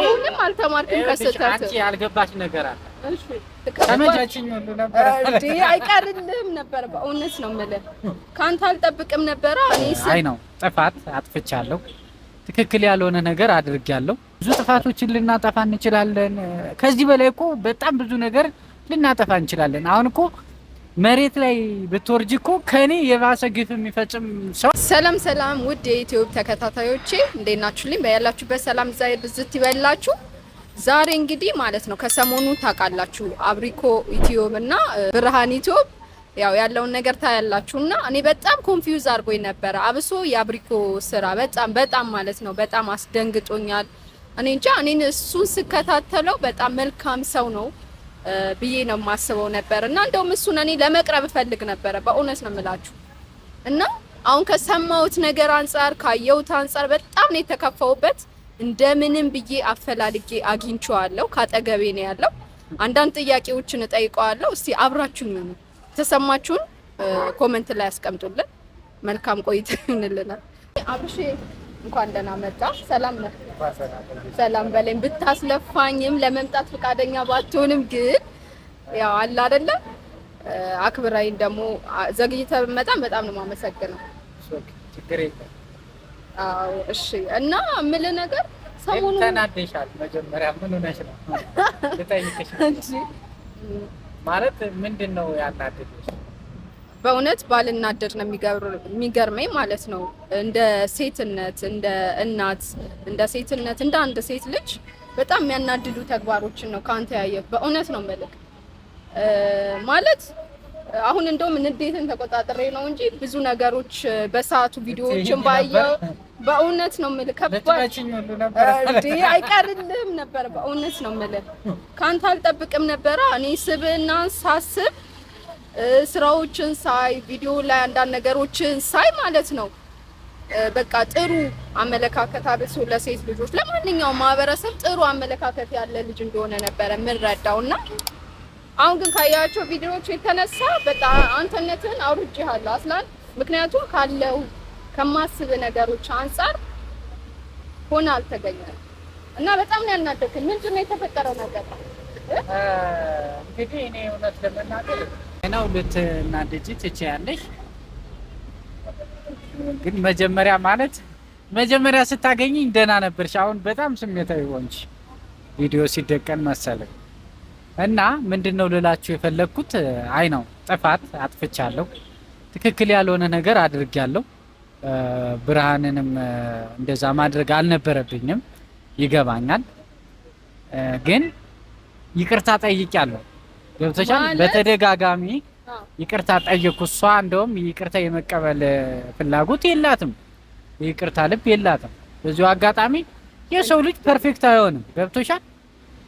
አሁንም አልተማርክም። ከስተት አንቺ ያልገባች ነገር አለ። እሺ ነበር ነበር። በእውነት ነው የምልህ፣ ካንተ አልጠብቅም ነበረ። እኔስ አይ ነው ጥፋት አጥፍቻለሁ። ትክክል ያልሆነ ነገር አድርጌያለሁ። ብዙ ጥፋቶችን ልናጠፋ እንችላለን። ከዚህ በላይ እኮ በጣም ብዙ ነገር ልናጠፋ እንችላለን። አሁን እኮ መሬት ላይ ብትወርጅ እኮ ከኔ የባሰ ግፍ የሚፈጽም ሰው። ሰላም ሰላም፣ ውድ የኢትዮብ ተከታታዮቼ እንዴት ናችሁልኝ? በያላችሁበት ሰላም ዛይ ብዝት ይበላችሁ። ዛሬ እንግዲህ ማለት ነው ከሰሞኑ ታውቃላችሁ አብሪኮ ኢትዮብ እና ብርሃን ኢትዮብ ያው ያለውን ነገር ታያላችሁ እና እኔ በጣም ኮንፊውዝ አድርጎኝ ነበረ። አብሶ የአብሪኮ ስራ በጣም በጣም ማለት ነው በጣም አስደንግጦኛል። እኔ እንጃ እኔን እሱን ስከታተለው በጣም መልካም ሰው ነው ብዬ ነው የማስበው ነበር እና እንደውም እሱን እኔ ለመቅረብ እፈልግ ነበረ በእውነት ነው የምላችሁ እና አሁን ከሰማሁት ነገር አንጻር ካየሁት አንጻር በጣም ነው የተከፈውበት እንደምንም ብዬ አፈላልጌ አግኝቼዋለሁ። ካጠገቤ ነው ያለው። አንዳንድ ጥያቄዎችን እጠይቀዋለሁ። እስቲ አብራችሁኝ ነው የተሰማችሁን ኮመንት ላይ አስቀምጡልን መልካም ቆይታ ይሆንልናል። አብሽ እንኳን ደህና መጣ። ሰላም ነው ሰላም በለኝ። ብታስለፋኝም ለመምጣት ፈቃደኛ ባትሆንም ግን ያው አለ አይደለ አክብራይን ደግሞ ዘግይተ መጣም በጣም ነው የማመሰግነው። አዎ እሺ። እና የምልህ ነገር ሰሞኑን ተናደሻል። መጀመሪያ ምን ሆነሽ ነው ልጠይቅሽ እንጂ ማለት ምንድን ነው ያናደደሽ? በእውነት ባልናደድ ነው የሚገርመኝ ማለት ነው። እንደ ሴትነት፣ እንደ እናት፣ እንደ ሴትነት፣ እንደ አንድ ሴት ልጅ በጣም የሚያናድዱ ተግባሮችን ነው ከአንተ ያየው። በእውነት ነው መልክ ማለት አሁን እንደውም ንዴትን ተቆጣጥሬ ነው እንጂ ብዙ ነገሮች በሰዓቱ ቪዲዮዎችን ባየው በእውነት ነው የምልህ፣ ከባድ አይቀርልህም ነበር። በእውነት ነው የምልህ ከአንተ አልጠብቅም ነበረ። እኔ ስብህና ሳስብ ስራዎችን ሳይ ቪዲዮ ላይ አንዳንድ ነገሮችን ሳይ ማለት ነው በቃ ጥሩ አመለካከት አብሶ ለሴት ልጆች ለማንኛውም ማህበረሰብ ጥሩ አመለካከት ያለ ልጅ እንደሆነ ነበረ የምንረዳው እና አሁን ግን ካያቸው ቪዲዮዎች የተነሳ በጣም አንተነትን አውርጄሃለሁ አስላን ምክንያቱም ካለው ከማስብ ነገሮች አንጻር ሆነ አልተገኘም እና በጣም ነው ያናደርከኝ ምንድን ነው የተፈጠረው ነገር እንግዲህ እኔ እውነት ለመናገር ነው ልትናደጂ ትችያለሽ። ግን መጀመሪያ ማለት መጀመሪያ ስታገኝኝ ደህና ነበርሽ። አሁን በጣም ስሜታዊ ሆንሽ። ቪዲዮ ሲደቀን መሰለኝ እና ምንድን ነው ልላችሁ የፈለግኩት አይ ነው ጥፋት አጥፍቻለሁ፣ ትክክል ያልሆነ ነገር አድርጊያለሁ። ብርሃንንም እንደዛ ማድረግ አልነበረብኝም፣ ይገባኛል። ግን ይቅርታ ጠይቂያለሁ ገብተሻል። በተደጋጋሚ ይቅርታ ጠየኩ። እሷ እንደውም ይቅርታ የመቀበል ፍላጎት የላትም፣ ይቅርታ ልብ የላትም። በዚሁ አጋጣሚ የሰው ልጅ ፐርፌክት አይሆንም። ገብቶሻል።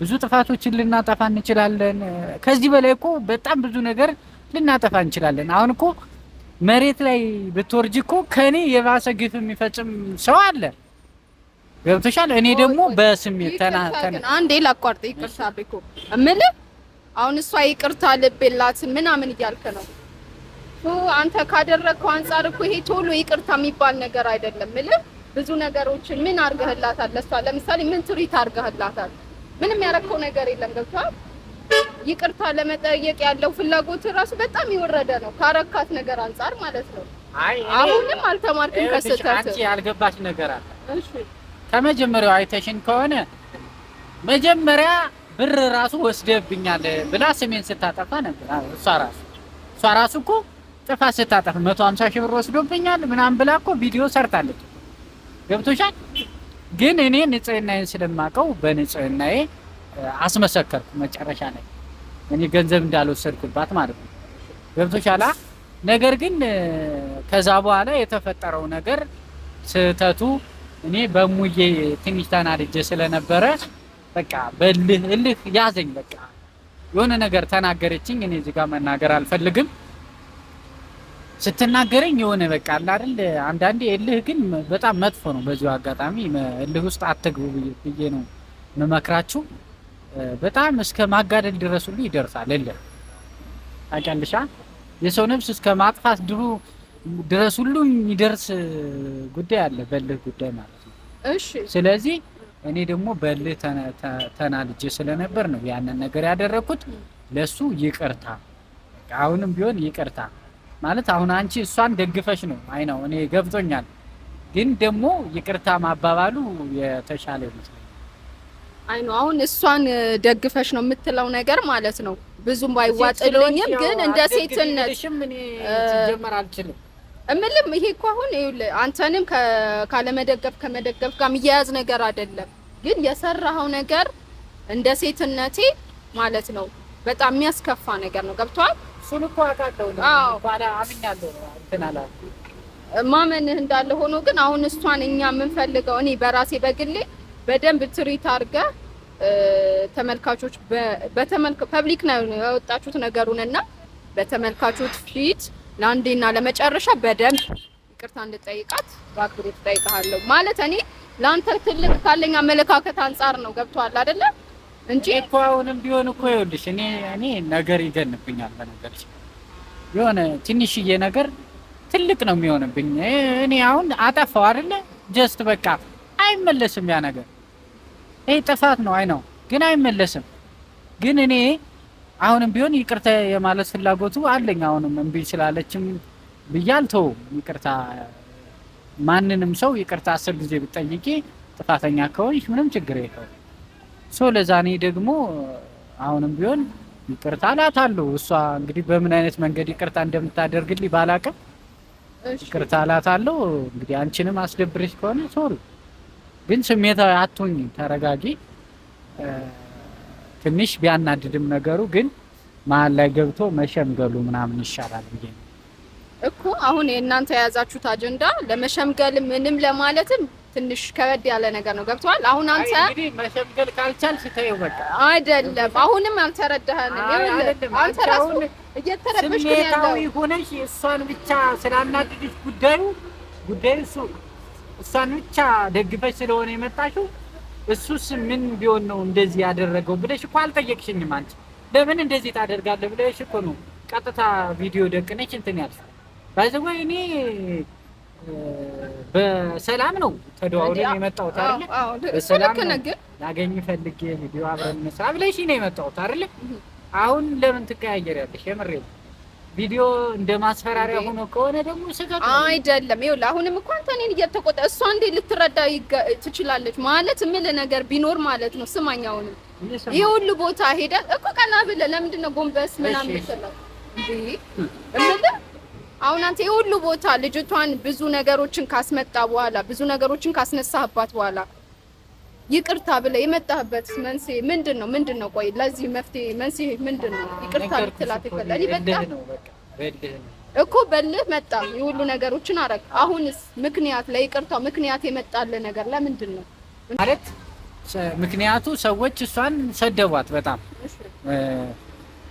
ብዙ ጥፋቶችን ልናጠፋ እንችላለን። ከዚህ በላይ እኮ በጣም ብዙ ነገር ልናጠፋ እንችላለን። አሁን እኮ መሬት ላይ ብትወርጅ እኮ ከኔ የባሰ ግፍ የሚፈጽም ሰው አለ። ገብቶሻል። እኔ ደግሞ በስሜት ተና አንዴ ላቋርጥ። ይቅርታ እምልህ አሁን እሷ ይቅርታ ልብ የላትም ምናምን እያልክ ነው። አንተ ካደረግከው አንጻር እኮ ይሄ ቶሎ ይቅርታ የሚባል ነገር አይደለም። ምልህ ብዙ ነገሮችን ምን አድርገህላታል? ለእሷ ለምሳሌ ምን ትሪት አድርገህላታል? ምንም ያረከው ነገር የለም። ገብቶሃል? ይቅርታ ለመጠየቅ ያለው ፍላጎት ራሱ በጣም የወረደ ነው፣ ካረካት ነገር አንጻር ማለት ነው። አሁንም አልተማርክም ከስህተት። አንቺ ያልገባሽ ነገር አለ። እሺ ከመጀመሪያው አይተሽን ከሆነ መጀመሪያ ብር ራሱ ወስደብኛል ብላ ስሜን ስታጠፋ ነበር። እሷ ራሱ እሷ ራሱ እኮ ጥፋት ስታጠፍ 150 ሺህ ብር ወስዶብኛል ምናምን ብላ እኮ ቪዲዮ ሰርታለች። ገብቶሻል? ግን እኔ ንጽህናዬን ስለማቀው በንጽህናዬ አስመሰከርኩ። መጨረሻ ላይ እኔ ገንዘብ እንዳልወሰድኩባት ማለት ነው። ገብቶሻል? ነገር ግን ከዛ በኋላ የተፈጠረው ነገር ስህተቱ እኔ በሙዬ ትንሽ ተናድጄ ስለነበረ በቃ በልህ እልህ ያዘኝ። በቃ የሆነ ነገር ተናገረችኝ። እኔ እዚህ ጋር መናገር አልፈልግም። ስትናገረኝ የሆነ በቃ አለ አይደል አንዳንዴ እልህ ግን በጣም መጥፎ ነው። በዚሁ አጋጣሚ እልህ ውስጥ አትግቡ ብዬ ነው የምመክራችሁ። በጣም እስከ ማጋደል ድረስ ይደርሳል እልህ አቀልሻ የሰው ነብስ እስከ ማጥፋት ድሩ ድረስ ሁሉ የሚደርስ ጉዳይ አለ በልህ ጉዳይ ማለት ነው። እሺ ስለዚህ እኔ ደግሞ በልህ ተናድጄ ስለነበር ነው ያንን ነገር ያደረግኩት። ለሱ ይቅርታ፣ አሁንም ቢሆን ይቅርታ ማለት አሁን አንቺ እሷን ደግፈሽ ነው። አይ ነው እኔ ገብቶኛል፣ ግን ደግሞ ይቅርታ ማባባሉ የተሻለ ነው። አይ ነው አሁን እሷን ደግፈሽ ነው የምትለው ነገር ማለት ነው። ብዙም ባይዋጥልኝም ግን እንደ ሴትነት ምን ጀመር አልችልም እምልም ይሄ እኮ አሁን አንተንም ካለመደገፍ ከመደገፍ ጋር የሚያያዝ ነገር አይደለም። ግን የሰራኸው ነገር እንደ ሴትነቴ ማለት ነው በጣም የሚያስከፋ ነገር ነው። ገብቷል። እሱን እኮ አውቃለሁ። አዎ ባላ አምኛለሁ። እንትን ማመንህ እንዳለ ሆኖ ግን አሁን እሷን እኛ የምንፈልገው እኔ በራሴ በግሌ በደንብ ትሪት አድርገህ ተመልካቾች በተመልካ ፐብሊክ ነው ያወጣችሁት ነገሩንና በተመልካቾች ፊት ለአንዴና ለመጨረሻ በደንብ ይቅርታ እንድጠይቃት በአክብሮ ትጠይቃለሁ። ማለት እኔ ለአንተ ትልቅ ካለኝ አመለካከት አንጻር ነው። ገብቶሃል አይደለ? እንጂ እኮ አሁንም ቢሆን እኮ ይኸውልሽ እኔ እኔ ነገር ይገንብኛል። በነገርሽ የሆነ ትንሽዬ ነገር ትልቅ ነው የሚሆንብኝ። እኔ አሁን አጠፋው አይደለ? ጀስት በቃ አይመለስም ያ ነገር። ይሄ ጥፋት ነው አይ ነው፣ ግን አይመለስም። ግን እኔ አሁንም ቢሆን ይቅርታ የማለት ፍላጎቱ አለኝ። አሁንም እምቢ ስላለችም ብዬ አልተውም። ይቅርታ ማንንም ሰው ይቅርታ አስር ጊዜ ብጠይቄ ጥፋተኛ ከሆንሽ ምንም ችግር የለው። ሶ ለዛኔ ደግሞ አሁንም ቢሆን ይቅርታ እላታለሁ። እሷ እንግዲህ በምን አይነት መንገድ ይቅርታ እንደምታደርግልኝ ባላቅም ይቅርታ እላታለሁ። እንግዲህ አንቺንም አስደብርሽ ከሆነ ሶሪ፣ ግን ስሜታዊ አትሁኝ፣ ተረጋጊ። ትንሽ ቢያናድድም ነገሩ ግን መሀል ላይ ገብቶ መሸምገሉ ምናምን ይሻላል ብዬ እኮ አሁን የእናንተ የያዛችሁት አጀንዳ ለመሸምገል ምንም ለማለትም ትንሽ ከበድ ያለ ነገር ነው። ገብተዋል። አሁን አንተ መሸምገል ካልቻል ተይው በቃ አይደለም። አሁንም አልተረዳኸንም። አንተ ራስህ እየተረበሽ ስሜታዊ ሆነሽ እሷን ብቻ ስላናድድሽ ጉዳዩ ጉዳዩ እሷን ብቻ ደግፈሽ ስለሆነ የመጣሽው እሱስ ምን ቢሆን ነው እንደዚህ ያደረገው ብለሽ እኮ አልጠየቅሽኝም። አንቺ ለምን እንደዚህ ታደርጋለህ ብለሽ እኮ ነው ቀጥታ ቪዲዮ ደቅነች እንትን ያልሽው። ባይዘው እኔ በሰላም ነው ተደዋውለን የመጣሁት አይደለ? በሰላም ነው ላገኝ ፈልጌ ቪዲዮ አብረን እንስራ ብለሽ ነው የመጣሁት አይደለ? አሁን ለምን ትቀያየሪያለሽ? የምሬ ነው ቪዲዮ እንደ ማስፈራሪያ ሆኖ ከሆነ ደግሞ ስጋት አይደለም። ይኸውልህ አሁንም እኮ አንተ እኔን እየተቆጣ እሷ እንዴ ልትረዳ ትችላለች ማለት የምልህ ነገር ቢኖር ማለት ነው። ስማኝ አሁንም ይሄ ሁሉ ቦታ ሄደ እኮ ቀና ብለህ ለምንድን ነው ጎንበስ ምናምን የምትለው እምልህ አሁን አንተ ይሄ ሁሉ ቦታ ልጅቷን ብዙ ነገሮችን ካስመጣ በኋላ ብዙ ነገሮችን ካስነሳህባት በኋላ ይቅርታ ብለህ የመጣህበት መንስኤ ምንድን ነው? ምንድን ነው? ቆይ ለዚህ መፍትሄ መንስኤ ምንድን ነው? ይቅርታ ልትላት ይፈላል ይበጣል እኮ በልህ መጣ የሁሉ ነገሮችን አረግ። አሁንስ ምክንያት ለይቅርታው ምክንያት የመጣለ ነገር ለምንድን ነው ማለት ምክንያቱ ሰዎች እሷን ሰደቧት በጣም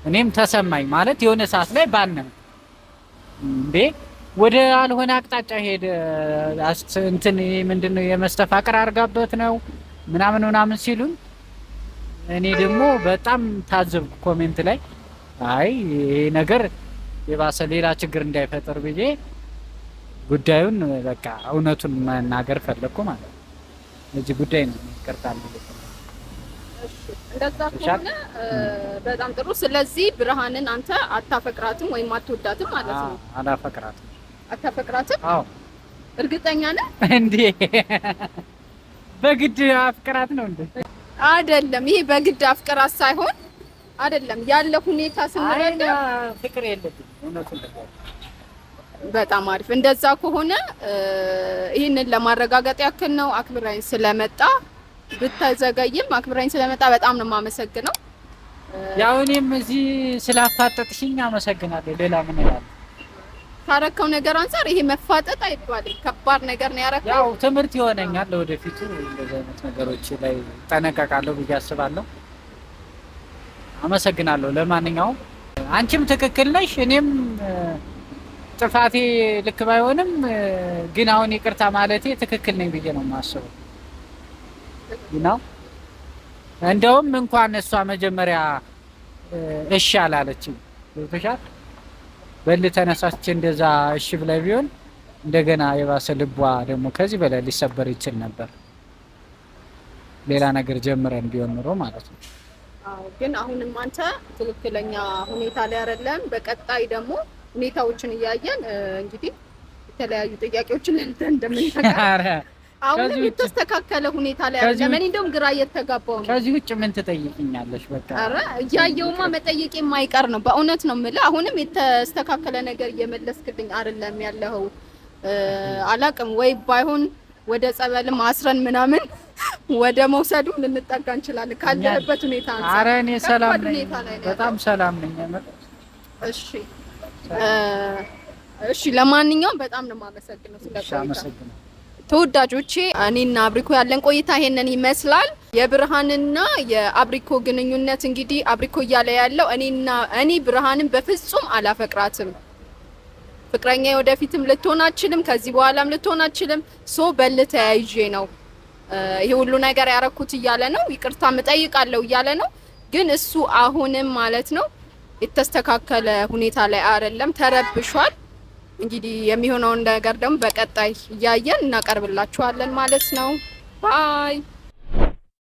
እኔም ተሰማኝ ማለት የሆነ ሰዓት ላይ ባንም እንዴ ወደ አልሆነ አቅጣጫ ሄደ እንትን ምንድን ነው የመስተፋቅር አድርጋበት ነው ምናምን ምናምን ሲሉን እኔ ደግሞ በጣም ታዘብኩ። ኮሜንት ላይ አይ ይሄ ነገር የባሰ ሌላ ችግር እንዳይፈጠር ብዬ ጉዳዩን በቃ እውነቱን መናገር ፈለግኩ ማለት ነው። እዚህ ጉዳይ ነው ይቀርታል። እንደዛ ከሆነ በጣም ጥሩ። ስለዚህ ብርሃንን አንተ አታፈቅራትም ወይም አትወዳትም ማለት ነው? አላፈቅራትም። አታፈቅራትም? አዎ። እርግጠኛ ነህ እንዴ? በግድ አፍቅራት ነው እንዴ? አይደለም። ይሄ በግድ አፍቅራት ሳይሆን አይደለም ያለ ሁኔታ ስንረዳ ፍቅር የለብኝም። በጣም አሪፍ። እንደዛ ከሆነ ይህንን ለማረጋገጥ ያክል ነው። አክብራኝ ስለመጣ ብታዘገይም አክብራኝ ስለመጣ በጣም ነው የማመሰግነው። ያው እኔም እዚህ ስላፋጠጥሽኝ አመሰግናለሁ። ሌላ ምን እላለሁ? ካረከው ነገር አንፃር ይሄ መፋጠጥ አይባልም። ከባድ ነገር ነው ያረከው። ያው ትምህርት ይሆነኛል ለወደፊቱ እንደዚህ አይነት ነገሮች ላይ ጠነቀቃለሁ ብዬ አስባለሁ። አመሰግናለሁ። ለማንኛውም አንቺም ትክክል ነሽ፣ እኔም ጥፋቴ ልክ ባይሆንም ግን አሁን ይቅርታ ማለቴ ትክክል ነኝ ብዬ ነው የማስበው። ነው እንደውም እንኳን እሷ መጀመሪያ እሺ አላለችም። ገብቶሻል በል ተነሳች እንደዛ እሺ ብላ ቢሆን እንደገና የባሰ ልቧ ደግሞ ከዚህ በላይ ሊሰበር ይችል ነበር። ሌላ ነገር ጀምረን ቢሆን ኑሮ ማለት ነው። ግን አሁንም አንተ ትክክለኛ ሁኔታ ላይ አይደለም። በቀጣይ ደግሞ ሁኔታዎችን እያየን እንግዲህ የተለያዩ ጥያቄዎችን እንደምንጠቀ አሁንም የተስተካከለ ሁኔታ ላይ አለ። ለምን እንደውም ግራ እየተጋባው ነው። ከዚህ ውጭ ምን ትጠይቅኛለሽ? በቃ ኧረ እያየውማ መጠየቅ የማይቀር ነው። በእውነት ነው የምልህ። አሁንም የተስተካከለ ነገር እየመለስክልኝ አይደለም ያለኸው። አላቅም ወይ ባይሆን ወደ ጸበልም አስረን ምናምን ወደ መውሰዱ ልንጠጋ እንችላለን። ካለህበት ሁኔታ አንጻር ኧረ እኔ ሰላም ነኝ፣ በጣም ሰላም ነኝ። እሺ እሺ። ለማንኛውም በጣም ነው የማመሰግነው ስለቆይታ ተወዳጆቼ እኔና አብሪኮ ያለን ቆይታ ይሄንን ይመስላል። የብርሃንና የአብሪኮ ግንኙነት እንግዲህ አብሪኮ እያለ ያለው እኔና እኔ ብርሃንን በፍጹም አላፈቅራትም፣ ፍቅረኛ ወደፊትም ልትሆን አችልም፣ ከዚህ በኋላም ልትሆን አችልም፣ ሶ በል ተያይዤ ነው ይሄ ሁሉ ነገር ያረኩት እያለ ነው። ይቅርታ እጠይቃለሁ እያለ ነው። ግን እሱ አሁንም ማለት ነው የተስተካከለ ሁኔታ ላይ አይደለም፣ ተረብሿል። እንግዲህ የሚሆነውን ነገር ደግሞ በቀጣይ እያየን እናቀርብላችኋለን ማለት ነው። ባይ